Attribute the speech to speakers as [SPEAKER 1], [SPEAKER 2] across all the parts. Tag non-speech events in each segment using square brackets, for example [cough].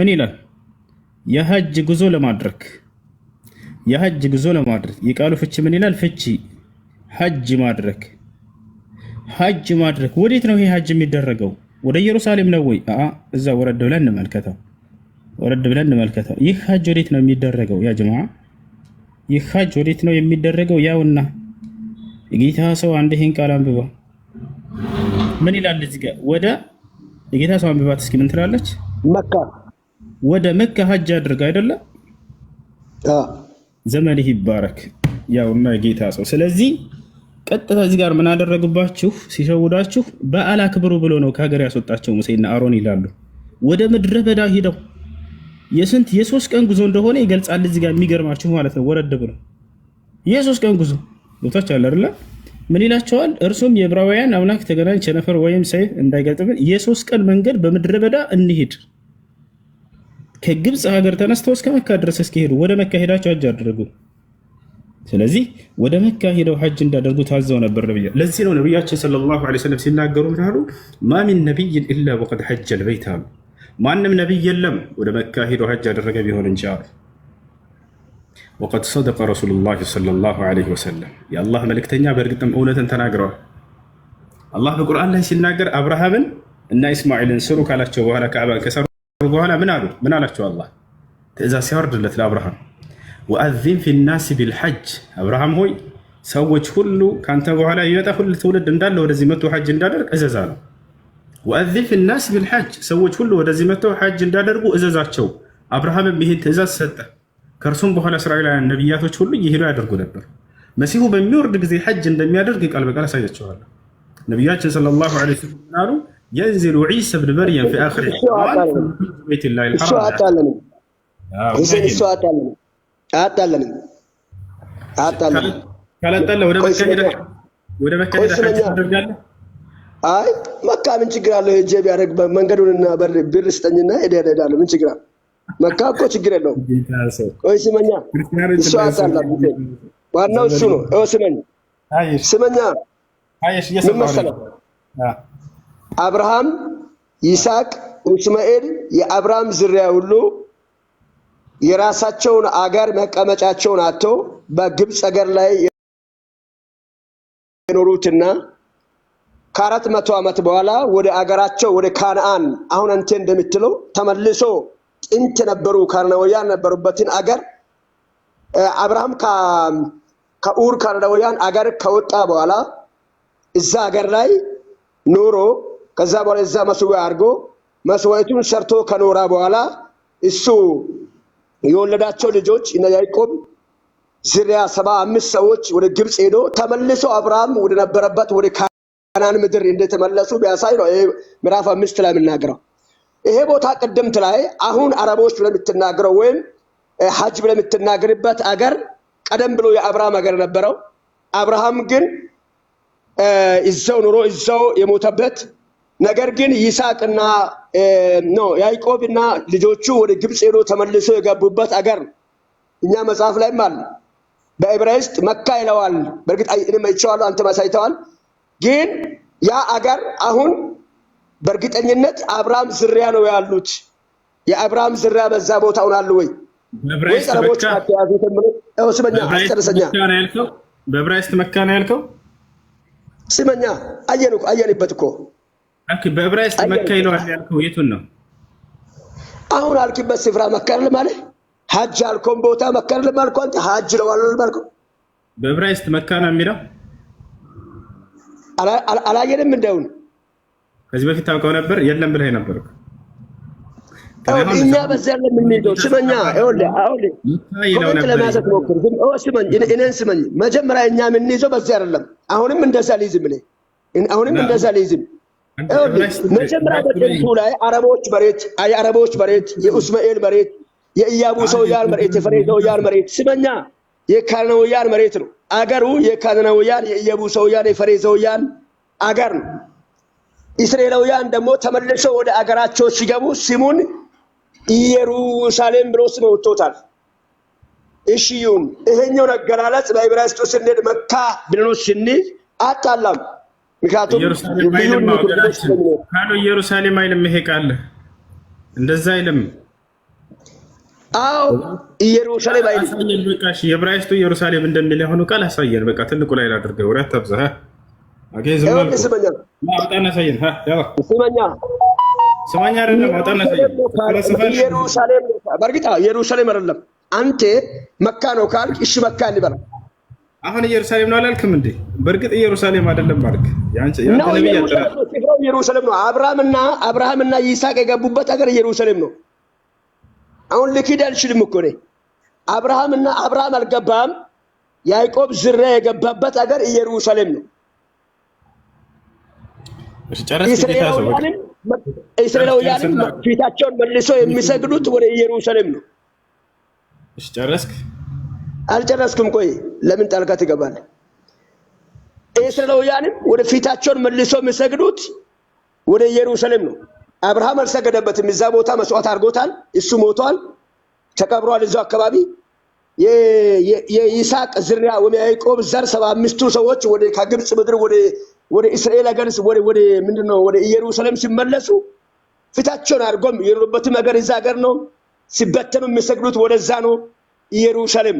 [SPEAKER 1] ምን ይላል? የሀጅ ጉዞ ለማድረግ የሀጅ ጉዞ ለማድረግ የቃሉ ፍቺ ምን ይላል? ፍቺ ሀጅ ማድረግ ሀጅ ማድረግ። ወዴት ነው ይሄ ሀጅ የሚደረገው? ወደ ኢየሩሳሌም ነው ወይ? አአ እዛ ወረድ ብለን እንመልከተው፣ ወረድ ብለን እንመልከተው። ይህ ሀጅ ወዴት ነው የሚደረገው? ያ ጀማዓ ይህ ሀጅ ወዴት ነው የሚደረገው? ያውና የጌታ ሰው አንድ ይህን ቃል አንብባ ምን ይላል እዚህ ጋር ወደ የጌታ ሰው አንብባት እስኪ ምን ትላለች? መካ ወደ መካ ሀጅ አድርግ አይደለም ዘመንህ ይባረክ። ያውና ጌታ ሰው። ስለዚህ ቀጥታ እዚህ ጋር ምን አደረግባችሁ? ሲሸውዳችሁ በዓል አክብሩ ብሎ ነው ከሀገር ያስወጣቸው ሙሴና አሮን ይላሉ። ወደ ምድረ በዳ ሂደው የስንት የሶስት ቀን ጉዞ እንደሆነ ይገልጻል። እዚህ ጋር የሚገርማችሁ ማለት ነው ወረድ ብሎ የሶስት ቀን ጉዞ ቦታች አለ አይደለ? ምን ይላቸዋል? እርሱም የዕብራውያን አምላክ ተገናኝ ቸነፈር ወይም ሰይፍ እንዳይገጥምን የሶስት ቀን መንገድ በምድረ በዳ እንሂድ ከግብፅ ሀገር ተነስተው እስከ መካ ድረስ እስከሄዱ ወደ መካ ሄዳቸው ሀጅ አደረጉ። ስለዚህ ወደ መካ ሄደው ሀጅ እንዳደርጉ ታዘው ነበር ነብያ። ለዚህ ነው ነብያችን ሰለላሁ ዐለይሂ ወሰለም ሲናገሩ ምናሉ ማ ሚን ነቢይን ኢላ ወቀድ ሐጀ ልበይት አሉ። ማንም ነቢይ የለም ወደ መካ ሄዶ ሀጅ ያደረገ ቢሆን እንጂ አሉ። ወቀድ ሰደቀ ረሱሉላህ ሰለላሁ ዐለይሂ ወሰለም የአላህ መልእክተኛ በእርግጥም እውነትን ተናግረዋል። አላህ በቁርአን ላይ ሲናገር አብርሃምን እና ኢስማኤልን ስሩ ካላቸው በኋላ ከዕባን ከሰሩ በኋላ ምን አሉ? ምን አላቸው? አላህ ትእዛዝ ሲያወርድለት ለአብርሃም ወአዚን ፊናሲ ቢልሐጅ፣ አብርሃም ሆይ ሰዎች ሁሉ ከአንተ በኋላ የሚመጣ ሁሉ ትውልድ እንዳለ ወደዚህ መቶ ሐጅ እንዳደርግ እዘዛ ነው። ወአዚን ፊናሲ ቢልሐጅ፣ ሰዎች ሁሉ ወደዚህ መቶ ሐጅ እንዳደርጉ እዘዛቸው። አብርሃምም ይህን ትእዛዝ ሰጠ። ከእርሱም በኋላ እስራኤላውያን ነቢያቶች ሁሉ እየሄዱ ያደርጉ ነበር። መሲሁ በሚወርድ ጊዜ ሐጅ እንደሚያደርግ ቃል በቃል አሳያቸዋለሁ። ነቢያችን ሰለላሁ ዐለይሂ ወሰለም የንዝሉ ዒሳ ብን መርየም ፊ አኺር ቤትላ
[SPEAKER 2] እሱ አታለንም
[SPEAKER 1] ካላጣለ ወደ መካ ወደ መካ ታደርጋለህ
[SPEAKER 2] አይ መካ ምን ችግር አለው ሄጄ ቢያደርግ መንገዱንና ብር ስጠኝና ሄደ ሄዳለሁ ምን ችግር አለው መካ እኮ ችግር የለውም ቆይ ስመኛ እሱ አታላ ዋናው እሱ ነው ስመኝ ስመኛ ምን መሰለህ አብርሃም፣ ይስሐቅ፣ እስማኤል የአብርሃም ዝርያ ሁሉ የራሳቸውን አገር መቀመጫቸውን አቶ በግብፅ አገር ላይ የኖሩትና ከአራት መቶ ዓመት በኋላ ወደ አገራቸው ወደ ካንአን አሁን አንተ እንደምትለው ተመልሶ ጥንት ነበሩ ካናናውያን ነበሩበትን አገር አብርሃም ከኡር ካናናውያን አገር ከወጣ በኋላ እዛ አገር ላይ ኖሮ ከዛ በኋላ እዛ መስዋ አድርጎ መስዋዕቱን ሰርቶ ከኖራ በኋላ እሱ የወለዳቸው ልጆች እነ ያዕቆብ ዝርያ ሰባ አምስት ሰዎች ወደ ግብፅ ሄዶ ተመልሶ አብርሃም ወደ ነበረበት ወደ ካናን ምድር እንደተመለሱ ቢያሳይ ነው። ይሄ ምዕራፍ አምስት ላይ የምናገረው ይሄ ቦታ ቅድምት ላይ አሁን አረቦች ብለህ የምትናገረው ወይም ሀጅ ብለህ የምትናገርበት አገር ቀደም ብሎ የአብርሃም አገር ነበረው። አብርሃም ግን እዛው ኑሮ እዛው የሞተበት ነገር ግን ይስሐቅና ኖ ያዕቆብና ልጆቹ ወደ ግብፅ ሄዶ ተመልሶ የገቡበት አገር እኛ መጽሐፍ ላይም አለ። በዕብራይስጥ መካ ይለዋል። በእርግጥ እኔም አይቼዋለሁ፣ አንተም አሳይተዋል። ግን ያ አገር አሁን በእርግጠኝነት አብርሃም ዝርያ ነው ያሉት። የአብርሃም ዝርያ በዛ ቦታ አሁን አሉ ወይ? ስመኛ
[SPEAKER 1] አስጨርሰኛ በዕብራይስጥ መካ ነው ያልከው።
[SPEAKER 2] ስመኛ አየንበት እኮ
[SPEAKER 1] በዕብራይስጥ መካ ይለዋል ያልከው የቱን ነው?
[SPEAKER 2] አሁን አልክበት ስፍራ መካ አይደለም አለ። ሀጅ አልከውን ቦታ መካ አይደለም አልከው አንተ ሀጅ ነው አልሆነም
[SPEAKER 1] በዕብራይስጥ መካ ነው የሚለው
[SPEAKER 2] አላየንም። እንደውን
[SPEAKER 1] ከዚህ በፊት ታውቀው ነበር የለም ብለህ ነበር።
[SPEAKER 2] እኛ በዛ ያለ የምንሄደው ስመኛ ኮሜንት ለማሰት ሞክር። ስመኝ እኔን ስመኝ መጀመሪያ እኛ የምንይዘው በዛ አይደለም። አሁንም እንደዛ ልይዝም አሁንም እንደዛ ልይዝም መጀመሪያ በጥንቱ ላይ አረቦች መሬት የአረቦች መሬት የኡስማኤል መሬት የኢያቡሰውያን መሬት የፈሬዛውያን መሬት ስመኛ የካናናውያን መሬት ነው። አገሩ የካናናውያን የኢያቡሰውያን የፈሬዛውያን አገር ነው። እስራኤላውያን ደግሞ ተመልሰው ወደ አገራቸው ሲገቡ ስሙን ኢየሩሳሌም ብሎ ስም ወጥቶታል። እሺዩም ይሄኛውን አገላለጽ በዕብራይስጡ ስንሄድ መካ ብለን ስንል አጣላም
[SPEAKER 1] ምክንያቱም ኢየሩሳሌም አይልም፣ ይሄ ቃል እንደዛ አይልም።
[SPEAKER 2] አዎ ኢየሩሳሌም
[SPEAKER 1] አይልም። የዕብራይስጡ ኢየሩሳሌም እንደሚል የሆኑ ቃል አሳየን። በቃ ትልቁ ላይ ላድርገው። ወሬ አታብዛ።
[SPEAKER 2] ኢየሩሳሌም አይደለም። አንተ መካ ነው ካልክ እሺ መካ
[SPEAKER 1] አሁን ኢየሩሳሌም ነው አላልክም እንዴ? በእርግጥ ኢየሩሳሌም አይደለም ማለት
[SPEAKER 2] ኢየሩሳሌም ነው። አብርሃምና አብርሃምና ይስሐቅ የገቡበት ሀገር ኢየሩሳሌም ነው። አሁን ልክድ አልችልም እኮ ነኝ። አብርሃምና አብርሃም አልገባም። ያዕቆብ ዝርያ የገባበት ሀገር ኢየሩሳሌም ነው። እስራኤላውያንም ፊታቸውን መልሶ የሚሰግዱት ወደ ኢየሩሳሌም ነው። ጨረስክ? አልጨረስክም፣ ቆይ ለምን ጣልቃ ትገባለህ? እስራኤላውያንም ወደ ፊታቸውን መልሶ የሚሰግዱት ወደ ኢየሩሳሌም ነው። አብርሃም አልሰገደበትም። እዛ ቦታ መስዋዕት አድርጎታል። እሱ ሞቷል፣ ተቀብሯል። እዛው አካባቢ የይስሐቅ ዝርያ ወይም የያዕቆብ ዘር ሰባ አምስቱ ሰዎች ወደ ከግብፅ ምድር ወደ ወደ እስራኤል ሀገር ወደ ወደ ምንድነው ወደ ኢየሩሳሌም ሲመለሱ ፊታቸውን አድርጎም የኖሩበትም ሀገር እዛ ሀገር ነው። ሲበተኑ የሚሰግዱት ወደዛ ነው ኢየሩሳሌም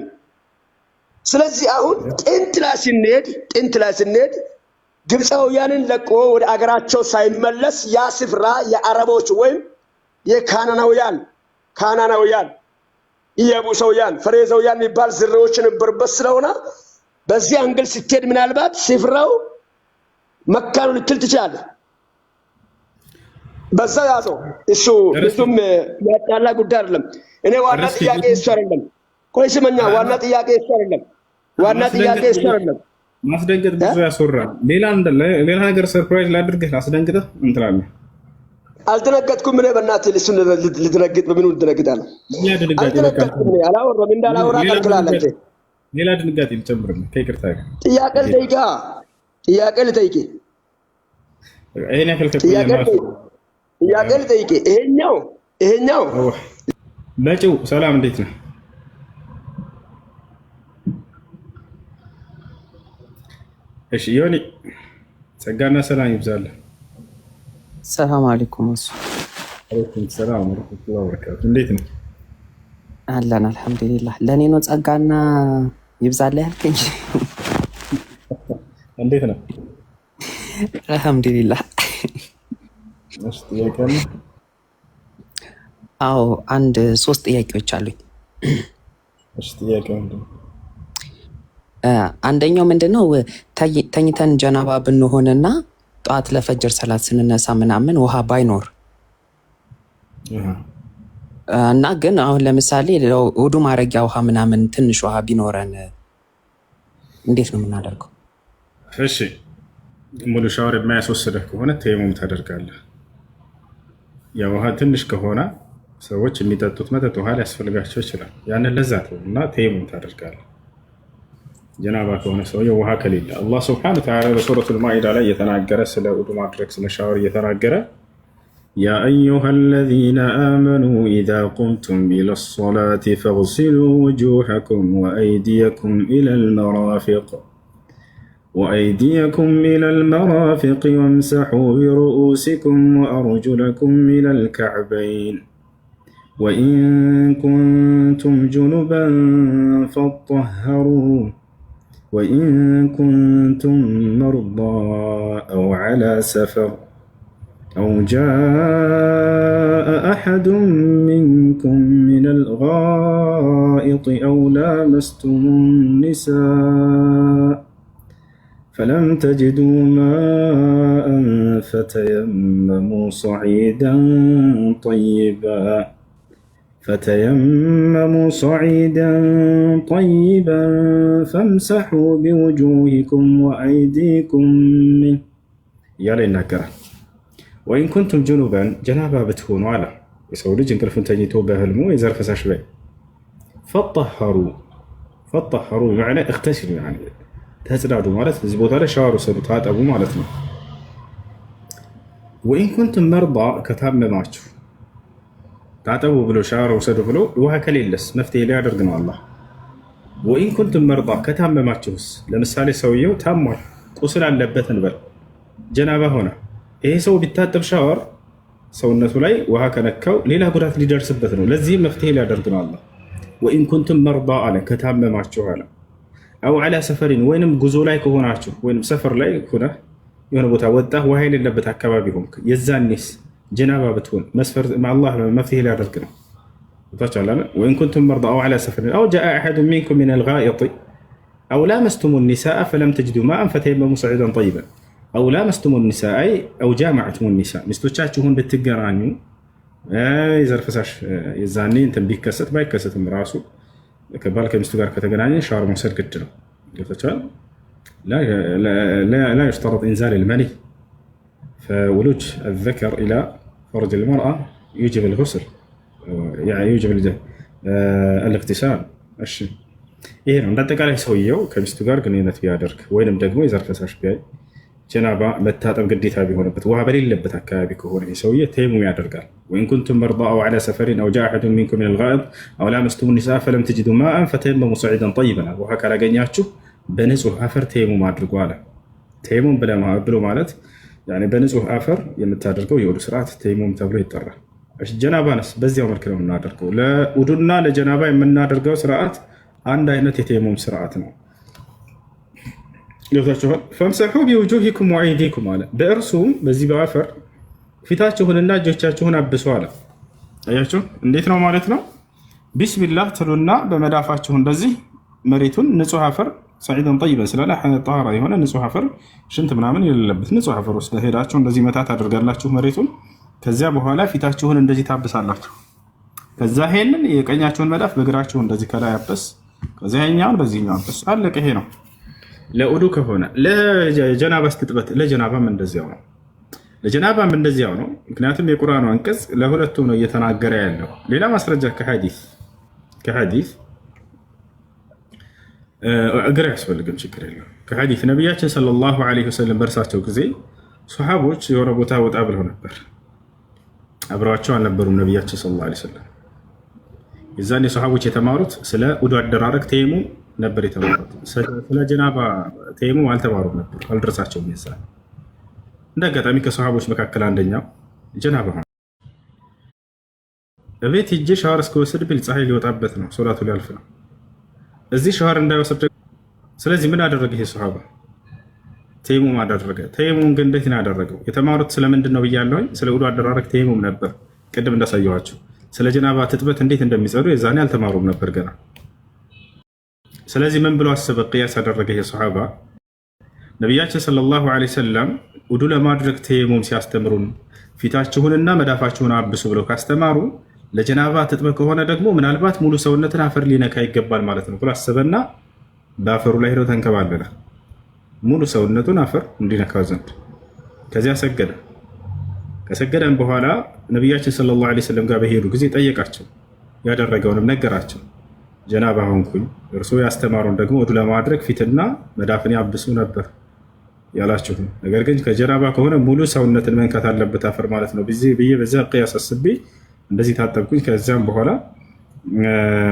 [SPEAKER 2] ስለዚህ አሁን ጥንት ላይ ስንሄድ ጥንት ላይ ስንሄድ ግብፃውያንን ለቆ ወደ አገራቸው ሳይመለስ ያ ስፍራ የአረቦች ወይም የካናናውያን ካናናውያን ኢየቡሰውያን፣ ፈሬዘውያን የሚባል ዝርዎች ነበሩበት ስለሆነ በዚህ አንግል ስትሄድ ምናልባት ስፍራው መካኑ ልትል ትችላለህ። በዛ ያዘው እሱ እሱም ያጣላ ጉዳይ አይደለም። እኔ ዋና ጥያቄ እሱ አይደለም። ቆይ ስመኛ፣ ዋና ጥያቄ እሱ አይደለም። ዋና ጥያቄ እሱ አይደለም።
[SPEAKER 1] ማስደንገጥ ብዙ ያስወራል። ሌላ ነገር ሰርፕራይዝ ላድርግህ፣ ላስደንግጥህ እንትላለህ።
[SPEAKER 2] አልደነገጥኩም እኔ በእናትህ እሱን ልደነግጥ በምኑ ልደነግጣለሁ? አላወራም እንዳላወራ ቀልክላለህ።
[SPEAKER 1] ሌላ ድንጋጤ ልጨምርልህ ከይቅርታ
[SPEAKER 2] ጥያቄ ልጠይቃ ጥያቄ ልጠይቅ ይሄን ያክል ጥያቄ ልጠይቅ ይሄኛው ይሄኛው
[SPEAKER 1] መጪው ሰላም እንዴት ነው? እሺ ዮኒ ጸጋና ሰላም ይብዛል።
[SPEAKER 3] ሰላም አለይኩም። እሱ
[SPEAKER 1] አለይኩም ሰላም ወረህመቱላሂ ወበረካቱ። እንዴት ነው
[SPEAKER 3] አለን? አልሐምዱሊላህ። ለእኔ ነው ጸጋና ይብዛል ያልከኝ? እንዴት ነው? አልሐምዱሊላህ። አዎ አንድ ሶስት ጥያቄዎች አሉኝ። ጥያቄ አንደኛው ምንድነው ተኝተን ጀናባ ብንሆንና ጠዋት ለፈጅር ሰላት ስንነሳ ምናምን ውሃ ባይኖር እና ግን አሁን ለምሳሌ ውዱ ማድረጊያ ውሃ ምናምን ትንሽ ውሃ ቢኖረን እንዴት ነው የምናደርገው?
[SPEAKER 1] እሺ ሙሉ ሻወር የማያስወስደህ ከሆነ ተየሙም ታደርጋለህ። የውሃ ትንሽ ከሆነ ሰዎች የሚጠጡት መጠጥ ውሃ ሊያስፈልጋቸው ይችላል። ያንን ለዛ እና ተየሙም ታደርጋለህ ጀናባ ከሆነ ሰውየው ውሃ ከሌለ አላህ ስብሐነ ወተዓላ በሱረት ልማኢዳ ላይ እየተናገረ ስለ ውዱ ማድረግ ስለ ሻወር እየተናገረ ያ አዩሃ አለዚነ አመኑ ኢዛ ቁምቱም ኢላ ሶላት ፈግሲሉ ውጁሐኩም ወአይዲየኩም ኢላ ልመራፊቅ وأيديكم إلى المرافق وامسحوا برؤوسكم وأرجلكم إلى الكعبين وإن كنتم جنبا فاطهروا وإن كنتم مرضى أو على سفر أو جاء أحد منكم من الغائط أو لامستم النساء فلم تجدوا ماء فتيمموا صعيدا طيبا فتيمموا صعيدا طيبا فامسحوا بوجوهكم وأيديكم منه يلا ينكره وإن كنتم جنوبا جنابا بتكونوا على يسوي لج انقلف تجيتوا بهلمو يزر فساش بي فطهروا فطهروا يعني اغتسلوا يعني تهزلوا مالت زبوت على شاور وسبط هات أبو مالتنا وإن كنتم مرضى كتاب مماتشوا ታጠቡ ብሎ ሻወር ውሰዱ ብሎ ውሃ ከሌለስ መፍትሄ ሊያደርግ ነው አላህ። ወኢን ኩንቱም መርዳ ከታመማችሁስ፣ ለምሳሌ ሰውየው ታሟል ቁስል አለበት እንበል፣ ጀናባ ሆነ። ይሄ ሰው ቢታጠብ ሻወር ሰውነቱ ላይ ውሃ ከነካው ሌላ ጉዳት ሊደርስበት ነው። ለዚህም መፍትሄ ሊያደርግ ነው አላህ። ወኢን ኩንቱም መርዳ አለ ከታመማችሁ አለ አው አላ ሰፈሪን ወይንም ጉዞ ላይ ከሆናችሁ ወይም ሰፈር ላይ ሆነ የሆነ ቦታ ወጣ ውሃ የሌለበት አካባቢ ሆንክ የዛኔስ جنابه بتكون مسفر مع الله ما فيه الا رزقنا وان كنتم مرضى او على سفر او جاء احد منكم من الغائط او لامستم النساء فلم تجدوا ماء فتيمموا صعيدا طيبا او لامستم النساء اي او جامعتم النساء ሚስቶቻችሁን ብትገናኙ اي ፈሳሽ የዛኔ يزاني انت ባይከሰትም ራሱ ከባል ከሚስቱ ጋር ከተገናኘ ሻወር መውሰድ ግድ ነው ገብታችኋል لا يشترط انزال الملك فولوج الذكر الى فرج المراه يوجب الغسل يعني يوجب آه، الاغتسال الشيء ايه نعم ده تقال سويو كم استقار قنينة في عدرك وينم دقمو يزار كساش بيه جنابا متاتم قديتا بيهون بت وابرين لبتا كابيكو هون يسوية تيمو يعدرك وإن كنتم مرضى أو على سفر أو جاء أحد منكم من الغائط أو لامستم النساء فلم تجدوا ماء فتيمموا صعيدا طيبا وهكذا قنياتشو بنزو هفر تيمو ما عدرك تيمو بلا ما بلو مالت በንጹህ አፈር የምታደርገው የውዱ ስርዓት ተይሞም ተብሎ ይጠራል። ጀናባንስ በዚያው መልክ ነው የምናደርገው። ለውዱና ለጀናባ የምናደርገው ስርዓት አንድ አይነት የተይሞም ስርዓት ነው። ገብታችኋል። ፈምሰሑ ቢውጁሂኩም ወአይዲኩም አለ። በእርሱም በዚህ በአፈር ፊታችሁንና እጆቻችሁን አብሶ አለ። አያችሁ፣ እንዴት ነው ማለት ነው? ቢስሚላህ ትሉና በመዳፋችሁ እንደዚህ መሬቱን ንጹህ አፈር ሰዒደን ጠይበን ስላለ ጣራ የሆነ ንጹህ አፈር ሽንት ምናምን የሌለበት ንጹህ አፈር ውስጥ ሄዳችሁ እንደዚህ መታ ታደርጋላችሁ መሬቱን። ከዚያ በኋላ ፊታችሁን እንደዚህ ታብሳላችሁ። ከዛ ይሄንን የቀኛችሁን መዳፍ በግራችሁ እንደዚህ ከላይ አበስ፣ ከዚያ ይኛውን በዚህኛው አበስ። አለቀ። ይሄ ነው ለኡዱ ከሆነ። ለጀናባ ስትጥበት፣ ለጀናባም እንደዚያው ነው። ለጀናባም እንደዚያው ነው። ምክንያቱም የቁርአኑ አንቀጽ ለሁለቱም ነው እየተናገረ ያለው። ሌላ ማስረጃ ከሐዲስ እግር አያስፈልግም፣ ችግር የለም። ከሐዲስ ነቢያችን ሰለላሁ ዐለይሂ ወሰለም በእርሳቸው ጊዜ ሶሓቦች የሆነ ቦታ ወጣ ብለው ነበር። አብረዋቸው አልነበሩም ነቢያችን ሰለላሁ ዐለይሂ ወሰለም። የዛን ሶሓቦች የተማሩት ስለ ውዱ አደራረግ ተይሙ ነበር የተማሩት። ስለ ጀናባ ተይሙ አልተማሩም ነበር፣ አልደረሳቸውም። የዛ እንደ አጋጣሚ ከሶሓቦች መካከል አንደኛው ጀናባ ሆነ። እቤት ሂጄ ሻወር እስከወስድ ብል ፀሐይ ሊወጣበት ነው፣ ሶላቱ ሊያልፍ ነው እዚህ ሸዋር እንዳይወሰድ። ስለዚህ ምን አደረገ ይሄ ሰሃባ? ተይሙም አደረገ። ተይሙም ግን እንዴት ነው ያደረገው? የተማሩት ስለምንድን ነው ብያለሁኝ። ስለ ውዱ አደራረግ ተይሙም ነበር ቅድም እንዳሳየኋቸው። ስለ ጀናባ ትጥበት እንዴት እንደሚጸዱ የዛኔ አልተማሩም ነበር ገና። ስለዚህ ምን ብሎ አሰበ? ቅያስ አደረገ ይሄ ሰሃባ። ነቢያችን ሰለላሁ ዐለይሂ ወሰለም ውዱ ለማድረግ ተይሙም ሲያስተምሩን ፊታችሁንና መዳፋችሁን አብሱ ብለው ካስተማሩ ለጀናባ ትጥብ ከሆነ ደግሞ ምናልባት ሙሉ ሰውነትን አፈር ሊነካ ይገባል ማለት ነው ብሎ አሰበና በአፈሩ ላይ ሄደው ተንከባለለ፣ ሙሉ ሰውነቱን አፈር እንዲነካው ዘንድ። ከዚያ ሰገደ። ከሰገደን በኋላ ነቢያችን ሰለላሁ ዐለይሂ ወሰለም ጋር በሄዱ ጊዜ ጠየቃቸው፣ ያደረገውንም ነገራቸው። ጀናባ ሆንኩኝ፣ እርስ ያስተማሩን ደግሞ ወዱ ለማድረግ ፊትና መዳፍን ያብሱ ነበር ያላችሁ ነገር ግን ከጀናባ ከሆነ ሙሉ ሰውነትን መንካት አለበት አፈር ማለት ነው ብዬ በዚያ ቅያስ አስቤ እንደዚህ ታጠብኩኝ። ከዚያም በኋላ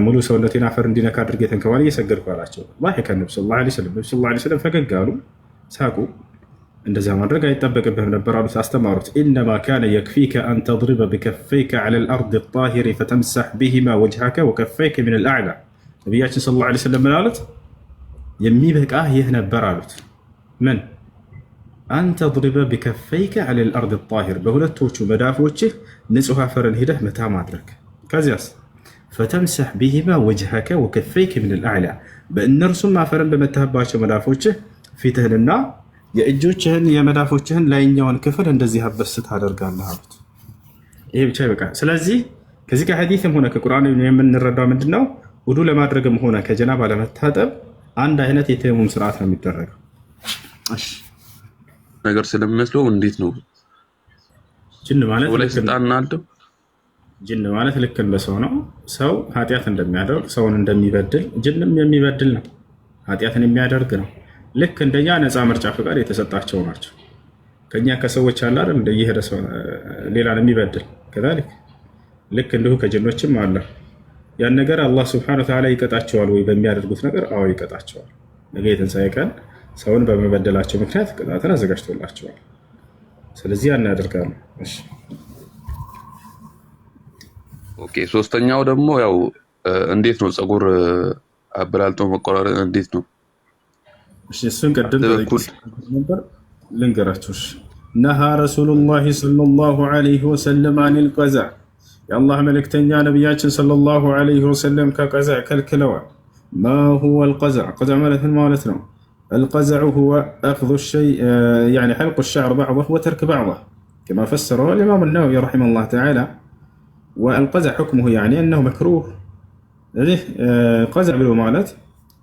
[SPEAKER 1] ሙሉ ሰውነቴን አፈር እንዲነካ አድርጌ ተንከባል እየሰገድኩ አላቸው። ባከ ነብ ስ ላ ስለም ፈገግ አሉ፣ ሳቁ። እንደዚያ ማድረግ አይጠበቅብህም ነበር አሉት፣ አስተማሩት። ኢነማ ካነ የክፊከ አን ተድሪበ ብከፈይከ ዐለ ልአርድ ጣሂሪ ፈተምሳሕ ብሂማ ወጅሃከ ወከፈይከ ምን ልአዕላ። ነቢያችን ስ ላ ስለም ምን አሉት? የሚበቃህ ይህ ነበር አሉት። ምን አንተ ድሪበ ቢከፈይከ አለ ልአርድ ጣሂር በሁለቶቹ መዳፎችህ ንጹሕ አፈርን ሂደህ መታ ማድረግ። ከዚያስ ፈተምሰሕ ቢሂማ ወጅሀከ ወከፈይከ ምን ልአዕላ በእነርሱም አፈርን በመታህባቸው መዳፎችህ ፊትህንና የእጆችህን የመዳፎችህን ላይኛውን ክፍል እንደዚህ አበስ ታደርጋለህ አሉት። ይሄ ብቻ ይበቃል። ስለዚህ ከዚህ ከሐዲስም ሆነ ከቁርአን የምንረዳው ምንድን ነው? ውዱ ለማድረግም ሆነ ከጀናባ ለመታጠብ አንድ አይነት የተየሙም ስርዓት ነው የሚደረገው። ነገር ስለሚመስለው እንዴት ነው ጅን ማለት ላይ ስልጣን ጅን ማለት ልክ እንደ ሰው ነው። ሰው ኃጢአት እንደሚያደርግ ሰውን እንደሚበድል ጅንም የሚበድል ነው፣ ኃጢአትን የሚያደርግ ነው። ልክ እንደኛ ነፃ ምርጫ ፍቃድ የተሰጣቸው ናቸው። ከኛ ከሰዎች አለ አይደል እንደየሄደ ሰው ሌላን የሚበድል ከዛልክ ልክ እንዲሁ ከጅኖችም አለ። ያን ነገር አላህ ስብሐነሁ ወተዓላ ይቀጣቸዋል ወይ በሚያደርጉት ነገር? አዎ ይቀጣቸዋል። ነገ የትንሣኤ ቀን ሰውን በመበደላቸው ምክንያት ቅጣትን አዘጋጅቶላቸዋል። ስለዚህ ያን ያደርጋሉ። ኦኬ ሶስተኛው ደግሞ ያው እንዴት ነው ፀጉር አበላልጦ መቆራረጥ እንዴት ነው? እሱን ቅድም ነበር ልንገራችሁ። ነሃ ረሱሉላሂ ሰለላሁ ዐለይሂ ወሰለም አኒል ቀዛ የአላህ መልእክተኛ ነቢያችን ሰለላሁ ዐለይሂ ወሰለም ከቀዛ ከልክለዋል። ማ ሁወል ቀዛ ቀዛ ማለት ምን ማለት ነው? القزع هو اخذ الشيء آه، يعني حلق الشعر بعضه وترك بعضه كما فسره الامام النووي رحمه الله تعالى والقزع حكمه يعني انه مكروه يعني قزع بالومالات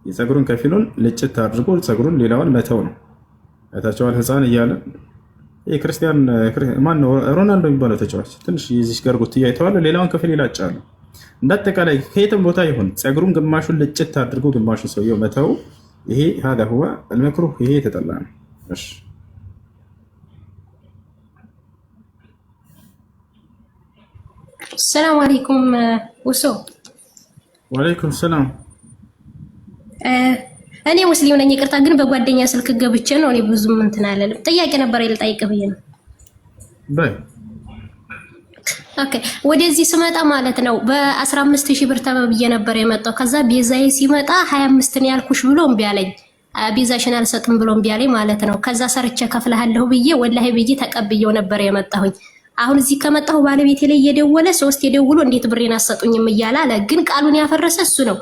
[SPEAKER 1] يسقرون كفلون لتشتا رجول يسقرون ليلون ماتون اتاتشوا الحصان يالا اي كريستيان آه، ما انه رونالدو يبالو تشوش تنش يزيش قرقو تي يتوالو ليلون كفل يلا تشالو نتقالي كيتم بوتا يهون يسقرون قماشون لتشتا رجول قماشون سويو ماتون ይሄ ሀዳ ሁዋ አልመክሩህ ይሄ የተጠላ ነው። እሺ
[SPEAKER 4] ሰላም አለይኩም ውሶ።
[SPEAKER 1] ወአለይኩም ሰላም።
[SPEAKER 4] እኔ ሙስሊም ነኝ፣ ይቅርታ ግን በጓደኛ ስልክ ገብቼ ነው። እኔ ብዙም እንትን አለልም። ጥያቄ ነበር ልጠይቅ ብዬ ነው። በይ ኦኬ ወደዚህ ስመጣ ማለት ነው በ15 ሺህ ብር ተበብዬ ነበር የመጣው። ከዛ ቤዛዬ ሲመጣ 25 ነው ያልኩሽ ብሎ እምቢ አለኝ። ቤዛሽን አልሰጥም ብሎ እምቢ አለኝ ማለት ነው። ከዛ ሰርቼ ከፍልሃለሁ ብዬ ወላሂ ብዬ ተቀብየው ነበር የመጣሁኝ። አሁን እዚህ ከመጣሁ ባለቤቴ ላይ እየደወለ ሶስት የደውሎ እንዴት ብሬን አሰጡኝም እያለ አለ። ግን ቃሉን ያፈረሰ እሱ ነው።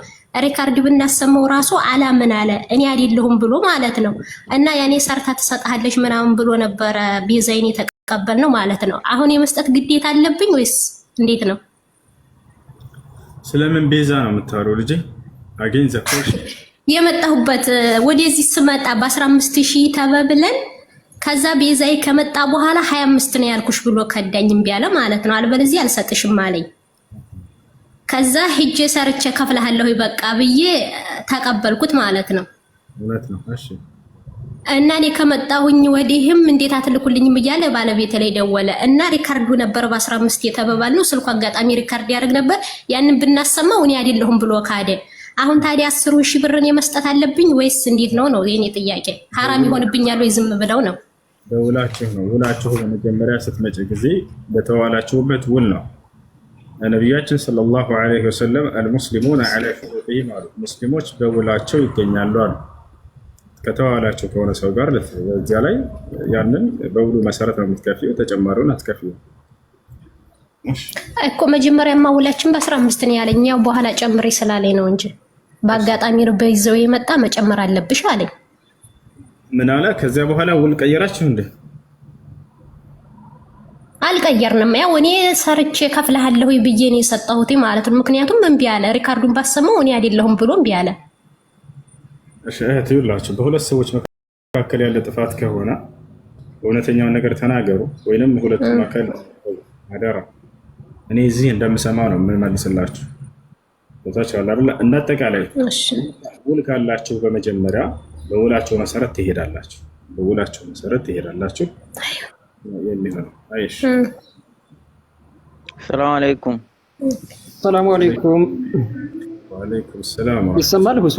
[SPEAKER 4] ሪካርድ ብናሰማው ራሱ አላምን አለ እኔ አይደለሁም ብሎ ማለት ነው። እና ያኔ ሰርታ ትሰጥሃለች ምናምን ብሎ ነበረ ቤዛዬን ቀበል ነው ማለት ነው። አሁን የመስጠት ግዴታ አለብኝ ወይስ እንዴት ነው?
[SPEAKER 1] ስለምን ቤዛ ነው የምታወራው ልጄ? አገኝ ዘኮሽ
[SPEAKER 4] የመጣሁበት ወደዚህ ስመጣ በ15 ሺህ ተበብለን ከዛ ቤዛዬ ከመጣ በኋላ 25 ነው ያልኩሽ ብሎ ከዳኝ እምቢ አለ ማለት ነው። አልበለዚህ አልሰጥሽም አለኝ። ከዛ ሂጄ ሰርቼ ከፍልሃለሁ በቃ ብዬ ተቀበልኩት ማለት ነው።
[SPEAKER 1] እውነት ነው። እሺ
[SPEAKER 4] እና እኔ ከመጣሁኝ ወዲህም እንዴት አትልኩልኝም እያለ ባለቤት ላይ ደወለ እና ሪካርዱ ነበር በ15 የተበባል ነው ስልኩ አጋጣሚ ሪካርድ ያደርግ ነበር። ያንን ብናሰማው እኔ አይደለሁም ብሎ ካደ። አሁን ታዲያ አስሩን ሺህ ብርን የመስጠት አለብኝ ወይስ እንዴት ነው ነው የኔ ጥያቄ። ሀራም ይሆንብኛል ወይ ዝም ብለው ነው?
[SPEAKER 1] በውላችሁ ነው ውላችሁ። በመጀመሪያ ስትመጭ ጊዜ በተዋላችሁበት ውል ነው። ነቢያችን ሰለላሁ ዐለይሂ ወሰለም አልሙስሊሙን ዐላ ሹሩጢሂም አሉ። ሙስሊሞች በውላቸው ይገኛሉ አሉ ከተዋላቸው ከሆነ ሰው ጋር እዚያ ላይ ያንን በውሉ መሰረት ነው የምትከፍለው። ተጨማሪውን አትከፍልም
[SPEAKER 4] እኮ መጀመሪያማ ውላችን በአስራ አምስት ነው ያለኝ። ያው በኋላ ጨምሬ ስላለኝ ነው እንጂ በአጋጣሚ ነው በይዘው የመጣ መጨመር አለብሽ አለኝ።
[SPEAKER 1] ምን አለ? ከዚያ በኋላ ውል ቀየራችሁ እንዴ?
[SPEAKER 4] አልቀየርንም። ያው እኔ ሰርቼ ከፍልሃለሁ ብዬ ነው የሰጠሁት ማለት ነው። ምክንያቱም እምቢ አለ። ሪካርዱን ባሰማው እኔ አይደለሁም ብሎ እምቢ አለ።
[SPEAKER 1] እህት ይላቸው በሁለት ሰዎች መካከል ያለ ጥፋት ከሆነ እውነተኛውን ነገር ተናገሩ፣ ወይንም ሁለቱም አካል አደራ። እኔ እዚህ እንደምሰማ ነው የምንመልስላችሁ። ታችኋላ እንደ አጠቃላይ ውል ካላችሁ በመጀመሪያ በውላቸው መሰረት ትሄዳላችሁ። በውላቸው መሰረት ትሄዳላችሁ የሚሆነው አይሽ።
[SPEAKER 3] ሰላም አለይኩም።
[SPEAKER 5] ሰላም አለይኩም። ሰላም። ይሰማል ሁሱ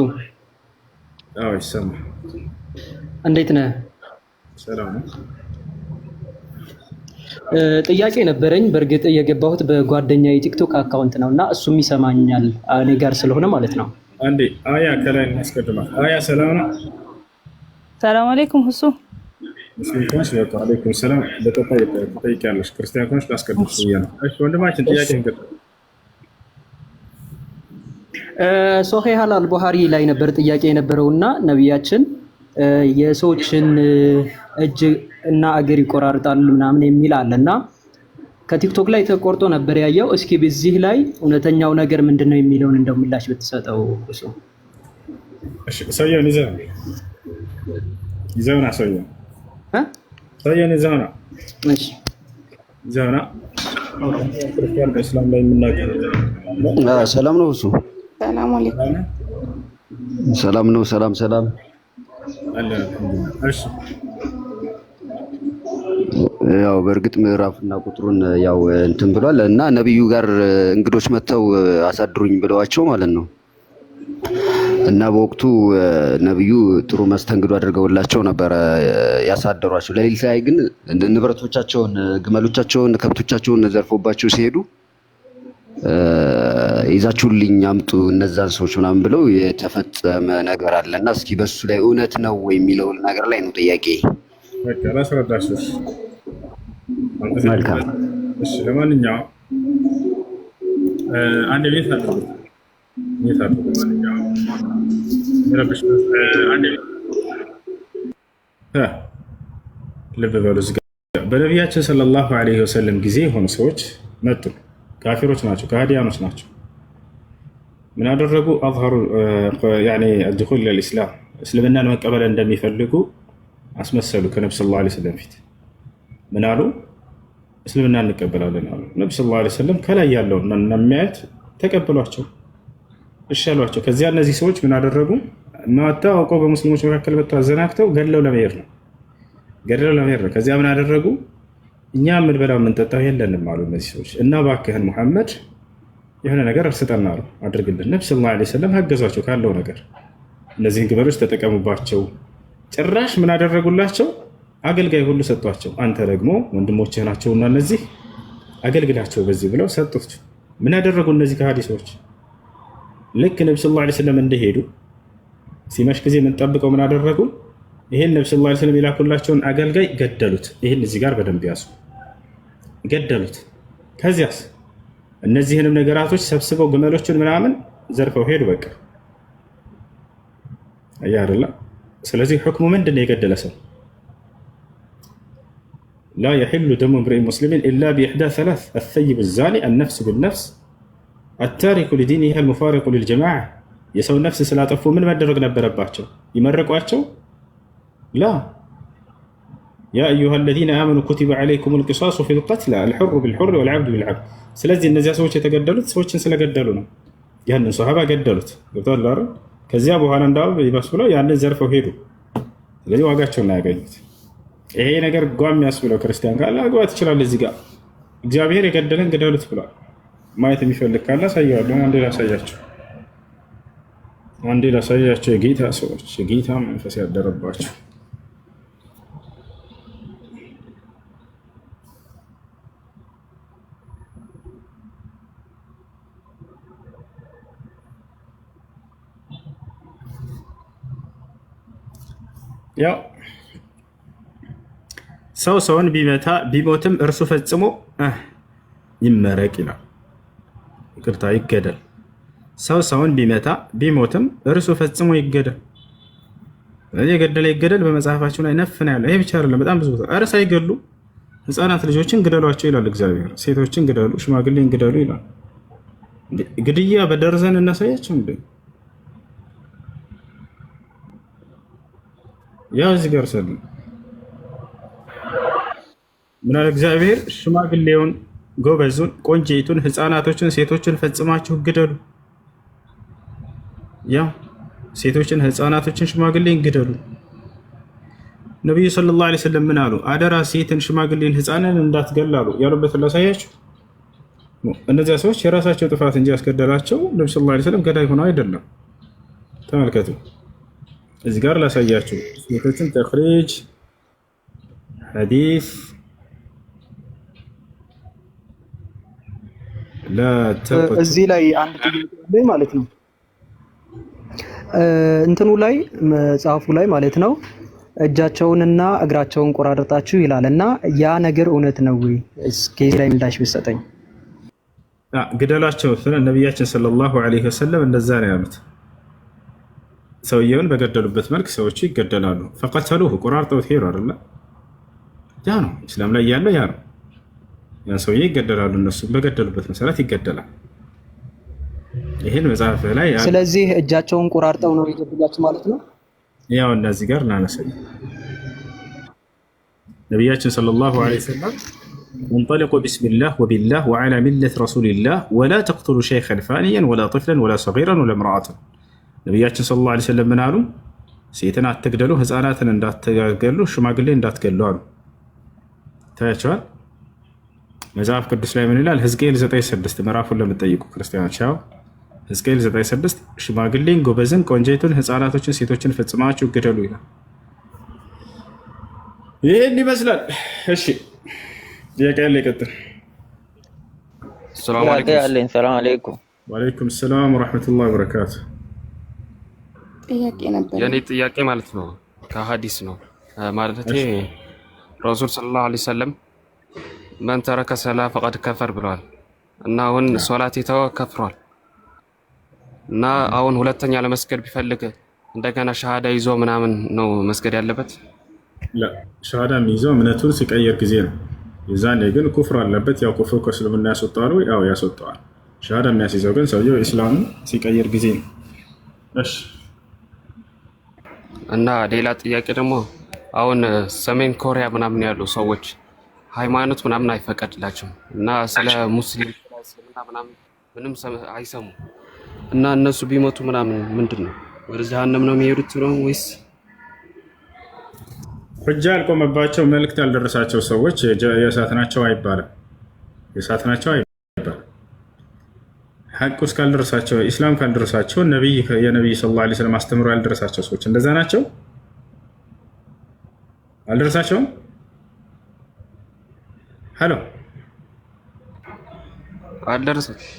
[SPEAKER 5] አዎ ይሰማ። እንዴት ነህ? ሰላም ነው። ጥያቄ ነበረኝ። በእርግጥ የገባሁት በጓደኛ የቲክቶክ አካውንት ነው እና እሱም ይሰማኛል እኔ ጋር ስለሆነ ማለት ነው።
[SPEAKER 1] አንዴ አያ ከላይ እናስቀድማል። አያ ሰላም ነው።
[SPEAKER 6] ሰላም አለይኩም ሁሱ
[SPEAKER 1] ሙስሊምኮች ወጡ አሌይኩም ሰላም። በቀጣይ ትጠይቂያለሽ። ክርስቲያን ኮንስ ላስቀድም ነው። ወንድማችን ጥያቄ እንቀጥል
[SPEAKER 5] ሶሄ አል ቡሃሪ ላይ ነበር ጥያቄ የነበረውና ነቢያችን የሰዎችን እጅ እና እግር ይቆራርጣል ምናምን የሚል አለና ከቲክቶክ ላይ ተቆርጦ ነበር ያየው። እስኪ በዚህ ላይ እውነተኛው ነገር ምንድን ነው የሚለውን እንደው ምላሽ ብትሰጠው እሱ።
[SPEAKER 1] እሺ ነው።
[SPEAKER 3] ሰላም ነው እሱ
[SPEAKER 6] ሰላም አለይኩም።
[SPEAKER 3] ሰላም ነው። ሰላም ሰላም። ያው በእርግጥ እና ቁጥሩን ያው እንትን ብሏል እና ነቢዩ ጋር እንግዶች መጥተው አሳድሩኝ ብለዋቸው ማለት ነው እና በወቅቱ ነቢዩ ጥሩ መስተንግዶ አድርገውላቸው ነበረ ያሳደሯቸው። ለሌሊት ላይ ግን ንብረቶቻቸውን፣ ግመሎቻቸውን፣ ከብቶቻቸውን ዘርፎባቸው ሲሄዱ ይዛችሁልኝ አምጡ እነዛን ሰዎች ምናምን ብለው የተፈጸመ ነገር እና እስኪ በሱ ላይ እውነት ነው የሚለው ነገር ላይ ነው ጥያቄ።
[SPEAKER 1] መልካም። ለማንኛውም አንድ ቤት አድርጉት፣ ልብ በሉ። በነቢያችን ሰለላሁ ዐለይሂ ወሰለም ጊዜ የሆኑ ሰዎች መጡ ካፊሮች ናቸው፣ ከሃዲያኖች ናቸው። ምን አደረጉ? አዝሀሩ አድኹል ለልእስላም እስልምናን መቀበል እንደሚፈልጉ አስመሰሉ። ከነብ ስ ላ ስለም ፊት ምን አሉ? እስልምና እንቀበላለን አሉ። ነብ ስ ላ ስለም ከላይ ያለውን እናሚያየት ተቀበሏቸው፣ እሻሏቸው። ከዚያ እነዚህ ሰዎች ምን አደረጉ? ማታ አውቀው በሙስሊሞች መካከል በተዘናግተው ገድለው ለመሄድ ነው፣ ገድለው ለመሄድ ነው። ከዚያ ምን አደረጉ? እኛ የምንበላው የምንጠጣው የለንም አሉ እነዚህ ሰዎች። እና እባክህን ሙሐመድ የሆነ ነገር እርስጠና አሉ አድርግልን። ነቢ ስለ ላ ሰለም አገዟቸው ካለው ነገር እነዚህን ግበሮች ተጠቀሙባቸው። ጭራሽ ምን አደረጉላቸው? አገልጋይ ሁሉ ሰጧቸው። አንተ ደግሞ ወንድሞችህ ናቸውና እነዚህ አገልግላቸው በዚህ ብለው ሰጡት። ምን ያደረጉ እነዚህ ከሃዲ ሰዎች ልክ ነቢ ስ ላ ስለም እንደሄዱ ሲመሽ ጊዜ የምንጠብቀው ምን አደረጉ? ይህን ነቢ ስ ላ ስለም የላኩላቸውን አገልጋይ ገደሉት። ይህን እዚህ ጋር በደንብ ያሱ። ገደሉት። ከዚያስ እነዚህንም ነገራቶች ሰብስበው ግመሎችን ምናምን ዘርፈው ሄዱ። በቃ አያ አይደለ። ስለዚህ ሕክሙ ምንድን ነው? የገደለ ሰው ላ የሕሉ ደሙ ምርእ ሙስሊሚን ኢላ ቢኢሕዳ ሰላስ አሰይብ ዛኒ አነፍስ ብነፍስ አታሪኩ ይህል አልሙፋሪቁ ልልጀማዓ የሰው ነፍስ ስላጠፉ ምን መደረግ ነበረባቸው? ይመረቋቸው ላ ያ አዩሃ ለዚነ አመኑ ኩቲበ ዓለይኩም ልቂሳሱ ፊ ልቀትላ አልሑሩ ብልሑር ወልዓብዱ ብልዓብድ። ስለዚህ እነዚያ ሰዎች የተገደሉት ሰዎችን ስለገደሉ ነው። ያንን ሰሃባ ገደሉት። ገብቷል አይደል? ከዚያ በኋላ እንዳው ይባስ ብለው ያንን ዘርፈው ሄዱ። ስለዚህ ዋጋቸውን ያገኙት። ይሄ ነገር ጓ የሚያስብለው ክርስቲያን ካለ አግባ ትችላል። እዚህ ጋር እግዚአብሔር የገደለን ገደሉት ብሏል። ማየት የሚፈልግ ካለ አሳያለሁ። አንዴ ላሳያቸው፣ አንዴ ላሳያቸው። የጌታ ሰዎች የጌታ መንፈስ ያደረባቸው ያው ሰው ሰውን ቢመታ ቢሞትም እርሱ ፈጽሞ ይመረቅ ይላል። ይቅርታ ይገደል። ሰው ሰውን ቢመታ ቢሞትም እርሱ ፈጽሞ ይገደል። ስለዚህ የገደለ ይገደል በመጽሐፋቸው ላይ ነፍና ያለው ይሄ ብቻ አይደለም። በጣም ብዙ ቦታ እርስ አይገሉ ህፃናት ልጆችን ግደሏቸው ይላል እግዚአብሔር። ሴቶችን ግደሉ፣ ሽማግሌን ግደሉ ይላል። ግድያ በደርዘን እናሳያቸው እንዴ? ያው እዚህ ጋር ሰል ምን አለ እግዚአብሔር ሽማግሌውን፣ ጎበዙን፣ ቆንጆይቱን፣ ህፃናቶችን፣ ሴቶችን ፈጽማችሁ ግደሉ። ያው ሴቶችን፣ ህፃናቶችን፣ ሽማግሌን ግደሉ። ነቢዩ ሰለላሁ ዐለይሂ ወሰለም ምን አሉ? አደራ ሴትን፣ ሽማግሌን፣ ህፃንን እንዳትገላሉ ያሉበትን ላሳያችሁ። እነዚያ ሰዎች የራሳቸው ጥፋት እንጂ ያስገደላቸው ነቢ ሰለላሁ ዐለይሂ ወሰለም ገዳይ ሆነው አይደለም። ተመልከቱ። እዚህ ጋር ላሳያችሁ ስሜቶችን ተክሪጅ ሐዲስ
[SPEAKER 5] እዚህ ላይ አንድ ጥያቄ ማለት ነው። እንትኑ ላይ መጽሐፉ ላይ ማለት ነው እጃቸውንና እግራቸውን ቆራርጣችሁ ይላል እና ያ ነገር እውነት ነው ወይ? እስኪ ላይ ምላሽ ብትሰጠኝ።
[SPEAKER 1] ግደላቸው ስለ ነቢያችን ሰለላሁ ዐለይሂ ወሰለም እንደዛ ነው ያሉት። ሰውየውን በገደሉበት መልክ ሰዎች ይገደላሉ። ፈቀተሉሁ ቆራርጠውት ሄዱ አይደለ? ያ ነው እስላም ላይ ያለው ያ ነው። ያን ሰውዬ ይገደላሉ፣ እነሱም በገደሉበት መሰረት ይገደላል። ይህን መጽሐፍ ላይ
[SPEAKER 5] ስለዚህ እጃቸውን ቆራርጠው ነው የገደሏቸው ማለት
[SPEAKER 1] ነው። ያው እነዚህ ጋር እናነሰኝ ነቢያችን ሰለላሁ ዐለይሂ ወሰለም እንጠልቁ ቢስሚላህ ወቢላህ ወዐላ ሚለት ረሱሊላህ ወላ ተቅትሉ ሸይኸን ፋንየን ወላ ጥፍለን ወላ ሰጊረን ወላ ምርአትን ነቢያችን ሰለላሁ ዓለይሂ ወሰለም ምን አሉ? ሴትን አትግደሉ፣ ህፃናትን እንዳትገሉ፣ ሽማግሌ እንዳትገሉ አሉ። ታያቸዋል። መጽሐፍ ቅዱስ ላይ ምን ይላል? ህዝቅኤል 96 ምዕራፉን ለምጠይቁ ክርስቲያኖች ያው ህዝቅኤል 96 ሽማግሌን፣ ጎበዝን፣ ቆንጆይቱን፣ ህፃናቶችን፣ ሴቶችን ፈጽማችሁ ግደሉ ይላል። ይህን ይመስላል። እሺ ጥያቄያለ ይቀጥል።
[SPEAKER 3] ሰላም አለይኩም
[SPEAKER 1] ወረሕመቱላሂ ወበረካቱህ
[SPEAKER 6] ጥያቄ
[SPEAKER 3] ነበር። የእኔ ጥያቄ ማለት ነው ከሀዲስ ነው ማለት ረሱል ሰለላሁ ዐለይሂ ወሰለም መን ተረከ ሰላ ፈቀድ ከፈር ብለዋል እና አሁን ሶላት የተወ ከፍሯል እና አሁን ሁለተኛ ለመስገድ ቢፈልግ እንደገና ሻሃዳ ይዞ ምናምን ነው መስገድ ያለበት?
[SPEAKER 1] ሻሃዳ የሚይዘው እምነቱን ሲቀየር ጊዜ ነው። የዛኔ ግን ኩፍር አለበት። ያው ኩፍር ከእስልምና ያስወጣዋል ወይ? ያስወጣዋል። ሻሃዳ የሚያስይዘው ግን ሰውየው ኢስላምን ሲቀየር ጊዜ ነው። እሺ
[SPEAKER 3] እና ሌላ ጥያቄ ደግሞ አሁን ሰሜን ኮሪያ ምናምን ያሉ ሰዎች ሃይማኖት ምናምን አይፈቀድላቸውም እና ስለ ሙስሊም ምንም አይሰሙ እና እነሱ ቢሞቱ ምናምን ምንድን ነው ወደ ጀሃነም ነው የሚሄዱት ነው ወይስ
[SPEAKER 1] ሁጃ ያልቆመባቸው መልእክት ያልደረሳቸው ሰዎች የእሳት ናቸው አይባልም። የእሳት ናቸው ሀቅ ውስጥ ካልደረሳቸው ኢስላም ካልደረሳቸው ነቢይ የነቢይ ሰለላሁ ዐለይሂ ወሰለም አስተምሮ ያልደረሳቸው ሰዎች እንደዛ ናቸው። አልደረሳቸውም። ሄሎ አልደረሳቸው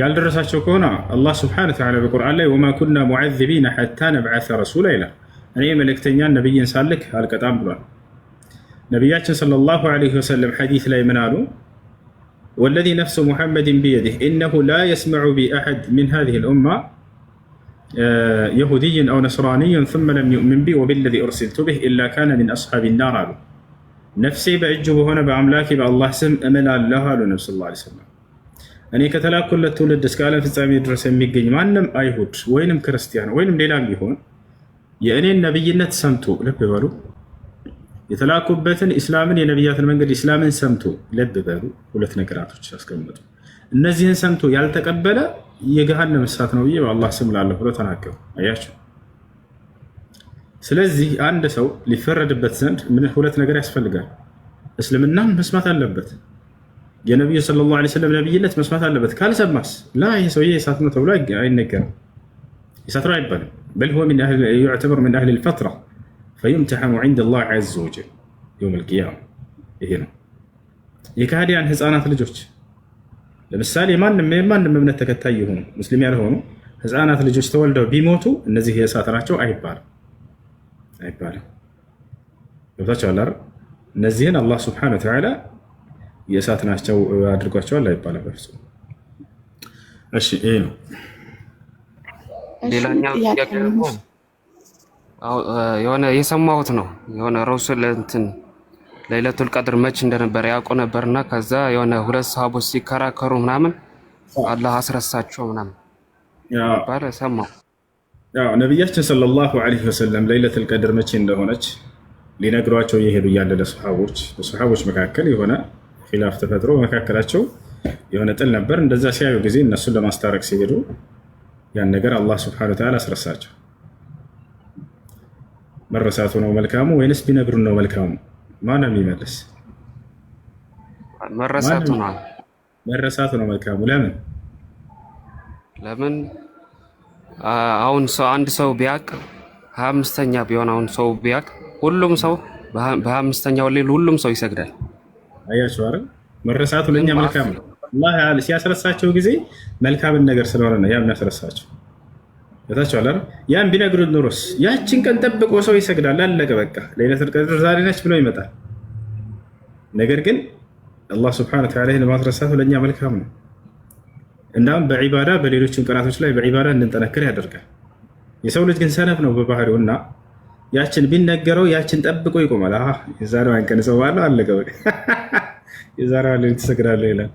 [SPEAKER 1] ያልደረሳቸው ከሆነ አላህ ስብሐነሁ ወተዓላ በቁርአን ላይ ወማ ኩና ሙዐዚቢነ ሐታ ነብዐሰ ረሱላ ይላል። እኔ መልእክተኛን ነቢይን ሳልክ አልቀጣም ብሏል። ነቢያችን ሰለላሁ ዐለይሂ ወሰለም ሐዲስ ላይ ምን አሉ? ወለዚ ነፍሱ ሙሐመድን ብየዲህ ኢነሁ ላ የስመዑ ቢ አሐድ ምን ሃዚሂል ኡማ የሁድይን አው ነስራንይን ثመ ለም ዩእምን ቢ ወቢለዚ ኡርሲልቱ ቢህ ኢላ ካነ ሚን አስሓቢ ናር አሉ። ነፍሴ በእጁ በሆነ በአምላኬ በአላህ ስም እምላለሁ አሉ ነቢ ስ ላ ሰለም እኔ ከተላኩለት ትውልድ እስከ ዓለም ፍጻሜ ድረስ የሚገኝ ማንም አይሁድ ወይንም ክርስቲያን ወይንም ሌላም ቢሆን የእኔን ነብይነት ሰምቶ ልብ በሉ የተላኩበትን ኢስላምን የነቢያትን መንገድ ኢስላምን ሰምቶ ለብ በሉ ሁለት ነገራቶች አስቀምጡ። እነዚህን ሰምቶ ያልተቀበለ የገሃነም እሳት ነው ብዬ በአላህ ስም ላለሁ ብሎ ተናገሩ። አያቸው። ስለዚህ አንድ ሰው ሊፈረድበት ዘንድ ምን ሁለት ነገር ያስፈልጋል። እስልምናን መስማት አለበት። የነቢዩ ሰለላሁ ዐለይሂ ወሰለም ነቢይነት መስማት አለበት። ካልሰማስ ላ ይህ ሰውዬ እሳት ነው ተብሎ አይነገርም። እሳት ነው አይባልም። በል ሁወ ዩዕተበር ሚን አህል ልፈትራ ፈዩምተሐኑ ዐንደ ላህ ዐዘ ወጀል የውመል ቂያማ። ይሄ ነው የካህዲያን ህፃናት ልጆች ለምሳሌ ማንም የማንም እምነት ተከታይ የሆኑ ሙስሊም ያልሆኑ ህፃናት ልጆች ተወልደው ቢሞቱ እነዚህ የእሳት ናቸው አይባልም አይባልም። ገብታችኋል አይደል? እነዚህን አላህ ስብሐነ ወተዓላ የእሳት ናቸው አድርጓቸዋል አይባልም በፍፁም። እሺ ይሄ ነው
[SPEAKER 3] ሌላኛው የሆነ የሰማሁት ነው የሆነ ረሱል እንትን ለይለቱል ቀድር መች እንደነበረ ያውቁ ነበርና ከዛ የሆነ ሁለት ሰሃቦች ሲከራከሩ ምናምን አላህ አስረሳቸው ምናምን
[SPEAKER 1] ባለ ሰማሁ። ነቢያችን ሰለላሁ ዐለይሂ ወሰለም ለይለቱል ቀድር መቼ እንደሆነች ሊነግሯቸው እየሄዱ እያለ ለሰሃቦች በሰሃቦች መካከል የሆነ ኺላፍ ተፈጥሮ መካከላቸው የሆነ ጥል ነበር። እንደዛ ሲያዩ ጊዜ እነሱን ለማስታረቅ ሲሄዱ ያን ነገር አላህ ስብሐነሁ ወተዓላ አስረሳቸው። መረሳቱ ነው መልካሙ ወይንስ ቢነግሩን ነው መልካሙ? ማን የሚመልስ?
[SPEAKER 3] መረሳቱ ነው
[SPEAKER 1] መረሳቱ ነው መልካሙ። ለምን
[SPEAKER 3] ለምን አሁን ሰው አንድ ሰው ቢያቅ ሀያ አምስተኛ ቢሆን አሁን ሰው ቢያቅ ሁሉም ሰው በሀያ አምስተኛው ሌል ሁሉም ሰው ይሰግዳል።
[SPEAKER 1] አያቸው አረ መረሳቱ ለእኛ መልካም ነው። አላህ ሲያስረሳቸው ጊዜ መልካምን ነገር ስለሆነ ነው ያ የሚያስረሳቸው ታቸዋል ያን ቢነግሩ ኑሮስ ያችን ቀን ጠብቆ ሰው ይሰግዳል። አለቀ በቃ ለይለቱል ቀድር ዛሬ ነች ብሎ ይመጣል። ነገር ግን አላህ ሱብሓነሁ ወተዓላ ይህን ማስረሳቱ ለእኛ መልካም ነው። እናም በዒባዳ በሌሎችም ቀናቶች ላይ በዒባዳ እንድንጠነክር ያደርጋል። የሰው ልጅ ግን ሰነፍ ነው በባህሪው እና ያችን ቢነገረው ያችን ጠብቆ ይቆማል። የዛሬዋን ሰው እጾማለሁ አለቀ በቃ [laughs] የዛሬዋን ሌሊት ይላል።